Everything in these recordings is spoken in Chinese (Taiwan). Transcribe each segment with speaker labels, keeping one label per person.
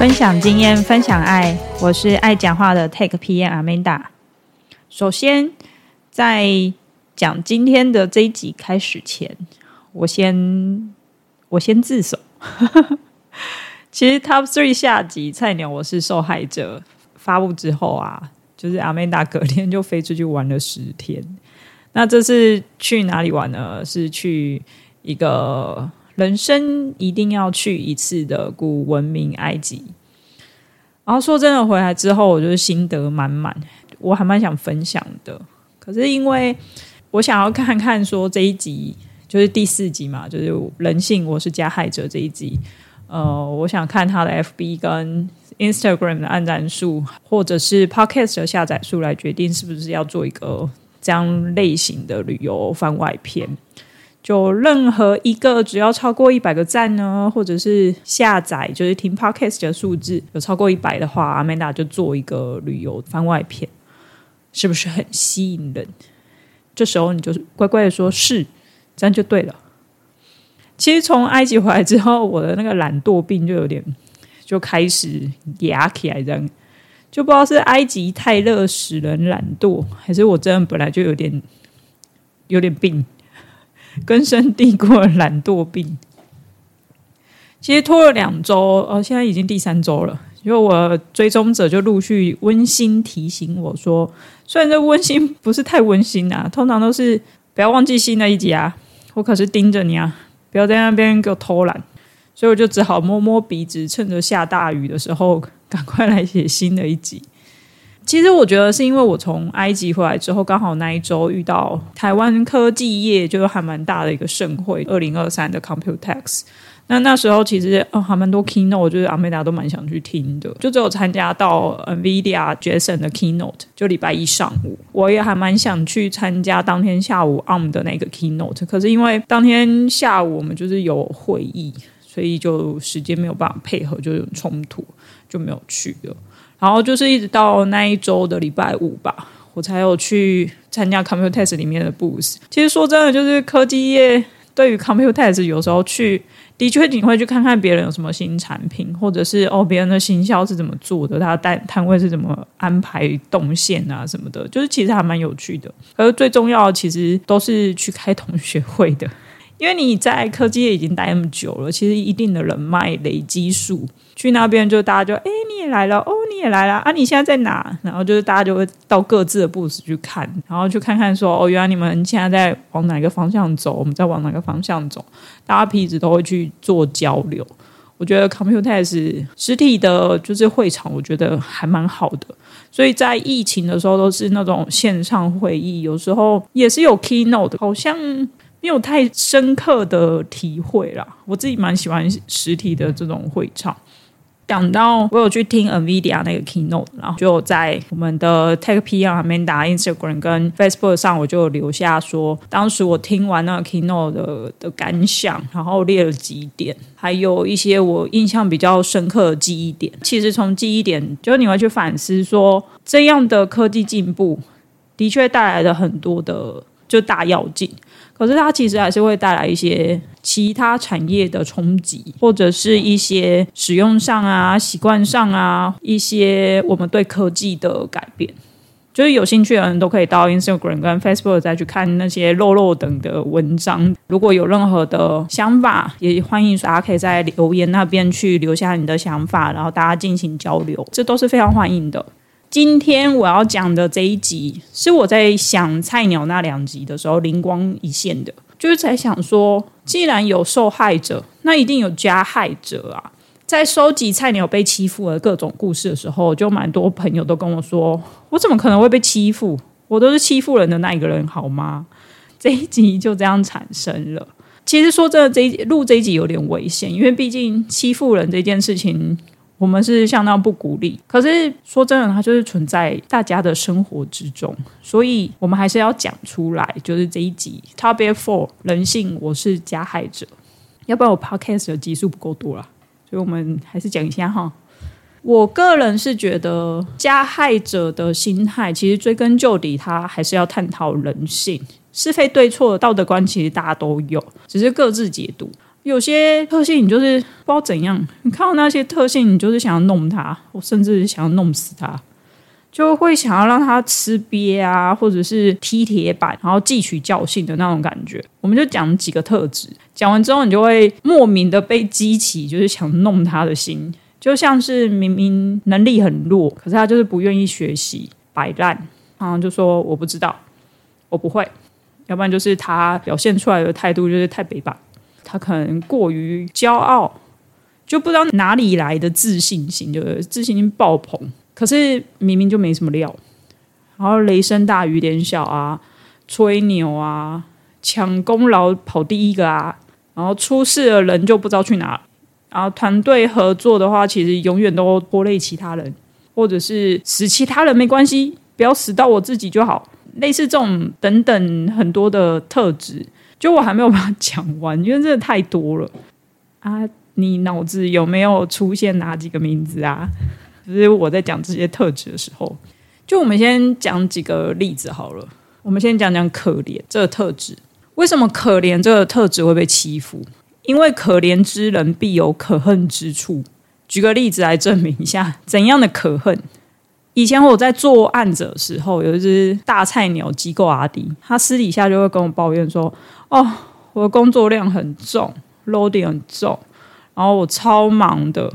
Speaker 1: 分享經驗，分享愛。我是愛講話的 Tech PM Amanda。首先，在講今天的這一集開始前，我先我先自首。 其實 Top Three 下集菜鳥我是受害者。發布之後啊，就是 Amanda 隔天就飛出去玩了十天。那這次去哪裡玩呢？是去一個人生一定要去一次的古文明埃及，然後說真的，回來之後我就是心得滿滿，我還蠻想分享的。可是因為我想要看看說這一集就是第四集嘛，就是人性我是加害者這一集，呃，我想看他的 FB 跟 Instagram 的按讚數，或者是 Podcast 的下載數來決定是不是要做一個這樣類型的旅遊番外篇。就任何一個只要超過一百個讚呢，或者是下載就是聽 podcast 的數字有超過一百的話，Amanda 就做一個旅遊番外片，是不是很吸引人？這時候你就是乖乖的說是，這樣就對了。其實從埃及回來之後，我的那個懶惰病就有點就開始牙起來，這樣就不知道是埃及太熱使人懶惰，還是我真的本來就有點有點病。根深蒂固的懶惰病，其實拖了兩周哦，現在已經第三周了。因為我追蹤者就陸續溫馨提醒我說，雖然這溫馨不是太溫馨啊，通常都是不要忘記新的一集啊，我可是盯着你啊，不要在那邊給我偷懶，所以我就只好摸摸鼻子，趁着下大雨的時候，趕快來寫新的一集。其實我覺得是因為我從埃及回來之後，剛好那一周遇到台灣科技業就是還蠻大的一個盛會，二零二三的 Computex。那那時候其實哦還蠻多 Keynote，就是 Amanda 都蠻想去聽的，就只有參加到 NVIDIA Jensen 的 Keynote，就禮拜一上午，我也還蠻想去參加當天下午 ARM 的那個 Keynote，可是因為當天下午我們就是有會議，所以就時間沒有辦法配合，就有衝突，就沒有去了。然後就是一直到那一周的禮拜五吧，我才有去參加 Computex 裡面的 Booth。其實說真的，就是科技業對於 Computex 有時候去，的確你會去看看別人有什麼新產品，或者是哦別人的行銷是怎麼做的，他攤攤位是怎麼安排動線啊什麼的，就是其實還蠻有趣的。而最重要的其實都是去開同學會的，因為你在科技業已經待那麼久了，其實一定的人脈累積數，去那邊就大家就哎你也來了哦。你也來了啊！你現在在哪？然後就是大家就會到各自的 booth 去看，然後去看看說哦，原來你們現在在往哪個方向走，我們在往哪個方向走。大家彼此都會去做交流。我覺得 Computex 實體的，就是會場，我覺得還蠻好的。所以在疫情的時候都是那種線上會議，有時候也是有 keynote，好像沒有太深刻的體會啦。我自己蠻喜歡實體的這種會場。想到我有去聽 NVIDIA 那個 keynote，然後就在我們的 TechPM Amanda 打 Instagram、跟 Facebook 上，我就留下說，當時我聽完那個 keynote 的的感想，然後列了幾點，還有一些我印象比較深刻的記憶點。其實從記憶點，就你會去反思說，這樣的科技進步的確帶來了很多的就大躍進。可是它其實還是會帶來一些其他產業的衝擊，或者是一些使用上啊、習慣上啊、一些我們對科技的改變。就是有興趣的人都可以到 Instagram 跟 Facebook 再去看那些落落等的文章。如果有任何的想法，也歡迎大家可以在留言那邊去留下你的想法，然後大家進行交流。這都是非常歡迎的。今天我要講的這一集，是我在想菜鳥那兩集的時候靈光一現的，就是在想說，既然有受害者，那一定有加害者啊！在收集菜鳥被欺負的各種故事的時候，就蠻多朋友都跟我說：“我怎麼可能會被欺負？我都是欺負人的那一個人，好嗎？”這一集就這樣產生了。其實說這這一錄這一集有點危險，因為畢竟欺負人這件事情。我們是相當不鼓勵，可是說真的，它就是存在大家的生活之中，所以我們還是要講出來。就是這一集 Topic Four 人性，我是加害者，要不然我 Podcast 的集數不夠多啦。所以我們還是講一下哈。我個人是覺得加害者的心態，其實追根究底，他還是要探討人性是非對錯的道德觀，其實大家都有，只是各自解讀。有些特性你就是不知道怎樣，你看到那些特性，你就是想要弄他，我甚至想要弄死他，就會想要讓他吃鱉啊，或者是踢鐵板，然後汲取教訓的那種感覺。我們就講幾個特質，講完之後你就會莫名的被激起，就是想弄他的心。就像是明明能力很弱，可是他就是不願意學習，擺爛然後、啊、就說我不知道，我不會，要不然就是他表現出來的態度就是太卑鄙。他可能過於驕傲，就不知道哪裡來的自信心，就是、自信心爆棚。可是明明就沒什麼料，然後雷聲大雨點小啊，吹牛啊，搶功勞跑第一個啊，然後出事的人就不知道去哪兒。然後團隊合作的話，其實永遠都拖累其他人，或者是死其他人沒關係，不要死到我自己就好。類似這種等等很多的特質。就我還沒有把它講完，因為真的太多了啊！你腦子有沒有出現哪幾個名字啊？就是我在講這些特質的時候，就我們先講幾個例子好了。我們先講講可憐這個特質，為什麼可憐這個特質會被欺負？因為可憐之人必有可恨之處。舉個例子來證明一下，怎樣的可恨？以前我在做案子的時候，有一隻大菜鳥機構阿迪，他私底下就會跟我抱怨說：“哦，我的工作量很重，loading 很重，然後我超忙的，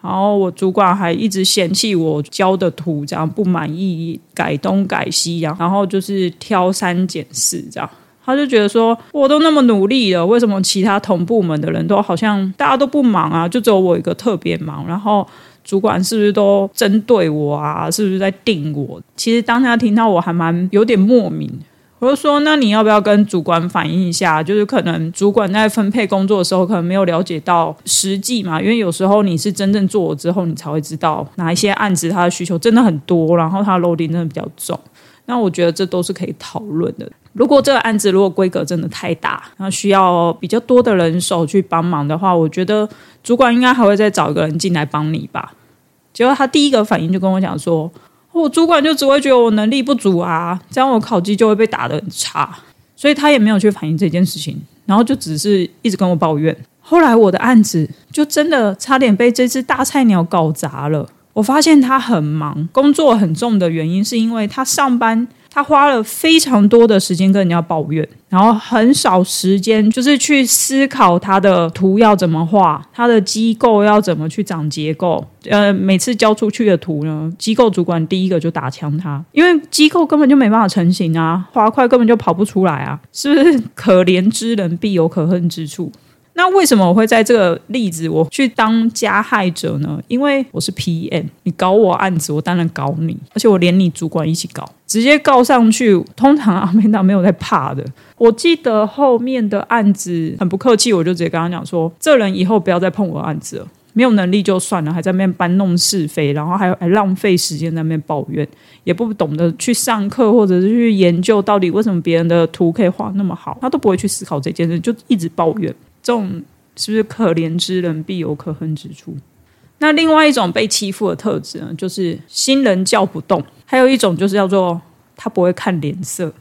Speaker 1: 然後我主管還一直嫌棄我交的圖這樣不滿意，改東改西，然後然後就是挑三揀四這樣。”他就覺得說：“我都那麼努力了，為什麼其他同部門的人都好像大家都不忙啊，就只有我一個特別忙？”然後。主管是不是都針對我啊？是不是在定我？其實當他聽到我還蠻有點莫名，我就說：那你要不要跟主管反映一下？就是可能主管在分配工作的時候，可能沒有了解到實際嘛。因為有時候你是真正做了之後，你才會知道哪一些案子他的需求真的很多，然後他的 l 真的比較重。那我覺得這都是可以討論的。如果這個案子，如果規格真的太大，然後需要比較多的人手去幫忙的話，我覺得主管應該還會再找一個人進來幫你吧。結果他第一個反應就跟我講說，我、哦、主管就只會覺得我能力不足啊，這樣我考績就會被打得很差，所以他也沒有去反映這件事情，然後就只是一直跟我抱怨。後來我的案子就真的差點被這隻大菜鳥搞砸了。我發現他很忙，工作很重的原因是因為他上班，他花了非常多的時間跟人家抱怨，然後很少時間就是去思考他的圖要怎麼畫，他的機構要怎麼去長結構。呃，每次交出去的圖呢，機構主管第一個就打槍他，因為機構根本就沒辦法成型啊，滑塊根本就跑不出來啊，是不是？可憐之人必有可恨之處。那為什麼我會在這個例子我去當加害者呢？因為我是 PM，你搞我案子，我當然搞你，而且我連你主管一起搞，直接告上去。通常阿美娜沒有在怕的。我記得後面的案子很不客氣，我就直接跟他講說：“這人以後不要再碰我的案子了，沒有能力就算了，還在那邊搬弄是非，然後還還浪費時間在那邊抱怨，也不懂得去上課或者是去研究到底為什麼別人的圖可以畫那麼好，他都不會去思考這件事，就一直抱怨。”這種是不是可憐之人必有可恨之處？那另外一種被欺負的特質呢，就是新人叫不動；還有一種就是叫做他不會看臉色，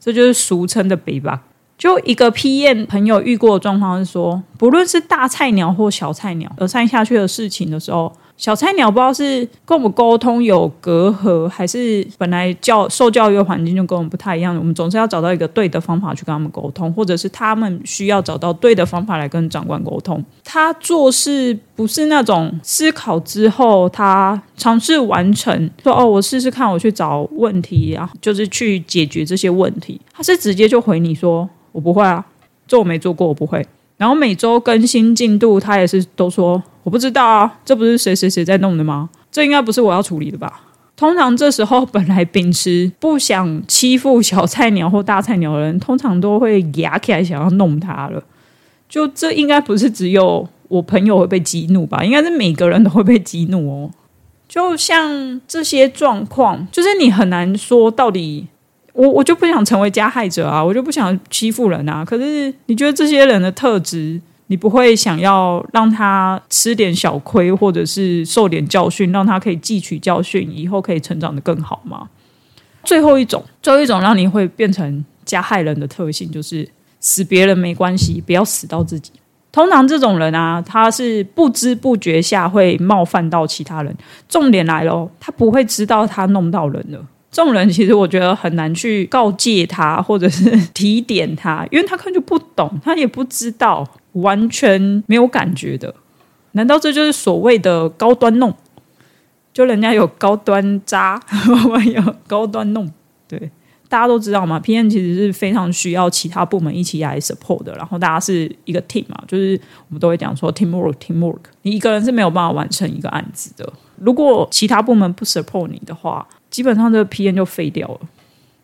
Speaker 1: 這就是俗稱的白目。就一個 PM 朋友遇過的狀況是說，不論是大菜鳥或小菜鳥，而散下去的事情的時候。小菜鳥不知道是跟我們溝通有隔閡，還是本來教受教育的環境就跟我們不太一樣。我們總是要找到一個對的方法去跟他們溝通，或者是他們需要找到對的方法來跟長官溝通。他做事不是那種思考之後，他嘗試完成，說哦，我試試看，我去找問題啊，就是去解決這些問題。他是直接就回你說，我不會啊，這我沒做過，我不會。然後每周更新進度，他也是都說。我不知道啊，這不是誰誰誰在弄的嗎？這應該不是我要處理的吧？通常這時候本來並不不想欺負小菜鳥或大菜鳥的人，通常都會牙起來想要弄他了。就這應該不是只有我朋友會被激怒吧？應該是每個人都會被激怒哦。就像這些狀況，就是你很難說到底，我我就不想成為加害者啊，我就不想欺負人啊。可是你覺得這些人的特質？你不會想要讓他吃點小虧，或者是受點教訓，讓他可以汲取教訓，以後可以成長得更好嗎？最後一種，最後一種讓你會變成加害人的特性，就是死別人沒關係，不要死到自己。通常這種人啊，他是不知不覺下會冒犯到其他人。重點來咯，他不會知道他弄到人了。這種人其實我覺得很難去告誡他，或者是提點他，因為他根本就不懂，他也不知道。完全沒有感覺的，難道這就是所謂的高端弄？就人家有高端渣，呵呵有高端弄。對，大家都知道嘛。PM 其實是非常需要其他部門一起來 support 的，然後大家是一個 team 嘛，就是我們都會講說 team work, team work，team work。你一個人是沒有辦法完成一個案子的。如果其他部門不 support 你的話，基本上這個 PM 就廢掉了。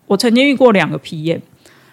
Speaker 1: 我曾經遇過兩個 PM，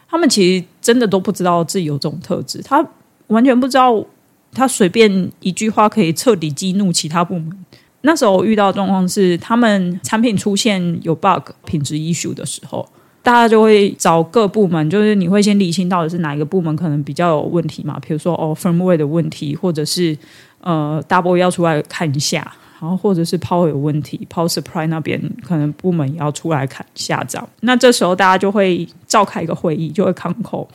Speaker 1: 他們其實真的都不知道自己有這種特質。他完全不知道他隨便一句話可以徹底激怒其他部門。那時候我遇到的狀況是，他們產品出現有 bug、品質 issue 的時候，大家就會找各部門，就是你會先理清到底是哪一個部門可能比較有問題嘛？比如說哦 firmware 的問題，或者是呃，double 要出來看一下，然後或者是 power 有問題，power supply 那邊可能部門也要出來看下，這樣，那這時候大家就會召開一個會議，就會 con call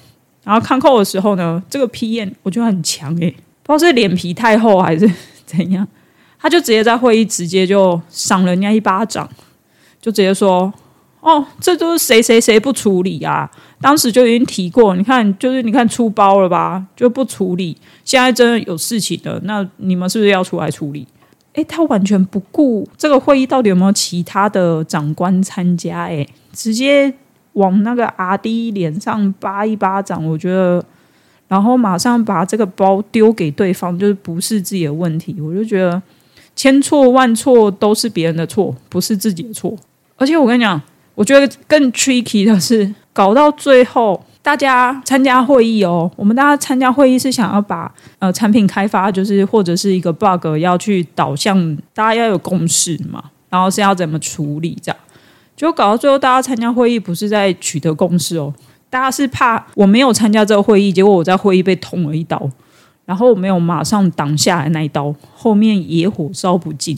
Speaker 1: 然後看扣的時候呢，這個 PM 我覺得很強哎，不知道是臉皮太厚還是怎樣，他就直接在會議直接就賞人家一巴掌，就直接說：“哦，這都是誰誰誰不處理啊！”當時就已經提過，你看就是你看出包了吧，就不處理。現在真的有事情了，那你們是不是要出來處理？哎，他完全不顧這個會議到底有沒有其他的長官參加，哎，直接。往那個 RD 臉上扒一巴掌，我覺得，然後馬上把這個包丟給對方，就是不是自己的問題，我就覺得千錯萬錯都是別人的錯，不是自己的錯。而且我跟你講，我覺得更 tricky 的是，搞到最後，大家參加會議哦，我們大家參加會議是想要把呃產品開發，就是或者是一個 bug 要去導向，大家要有共識嘛，然後是要怎麼處理這樣。就搞到最後，大家參加會議不是在取得共識哦，大家是怕我沒有參加這個會議，結果我在會議被捅了一刀，然後我沒有馬上擋下來那一刀，後面野火燒不盡,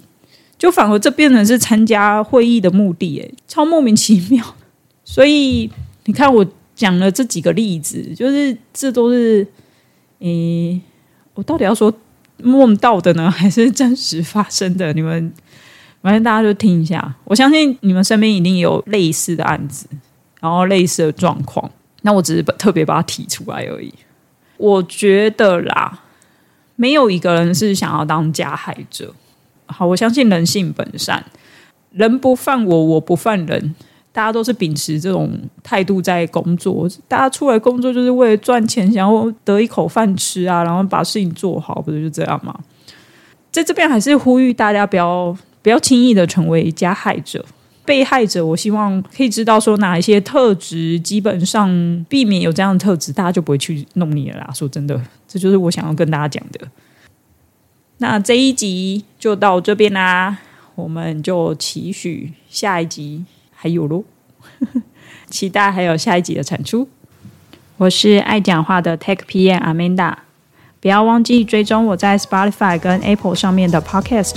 Speaker 1: 就反而這變成是參加會議的目的，誒，超莫名其妙。所以你看，我講了這幾個例子，就是這都是，誒、欸，我到底要說夢到的呢，還是真實發生的？你們？反正大家就聽一下，我相信你們身邊一定有類似的案子，然後類似的狀況。那我只是特別把它提出來而已。我覺得啦，沒有一個人是想要當加害者。好，我相信人性本善，人不犯我，我不犯人。大家都是秉持這種態度在工作，大家出來工作就是為了賺錢，想要得一口飯吃啊，然後把事情做好，不是就這樣嗎？在這邊還是呼籲大家不要。不要輕易的成為加害者、被害者。我希望可以知道說哪一些特質，基本上避免有這樣的特質，大家就不會去弄你了啦。說真的，這就是我想要跟大家講的。那這一集就到這邊啦、啊，我們就期許下一集還有嘍， 期待還有下一集的產出。我是愛講話的 Tech PM Amanda，不要忘記追蹤我在 Spotify 跟 Apple 上面的 Podcast。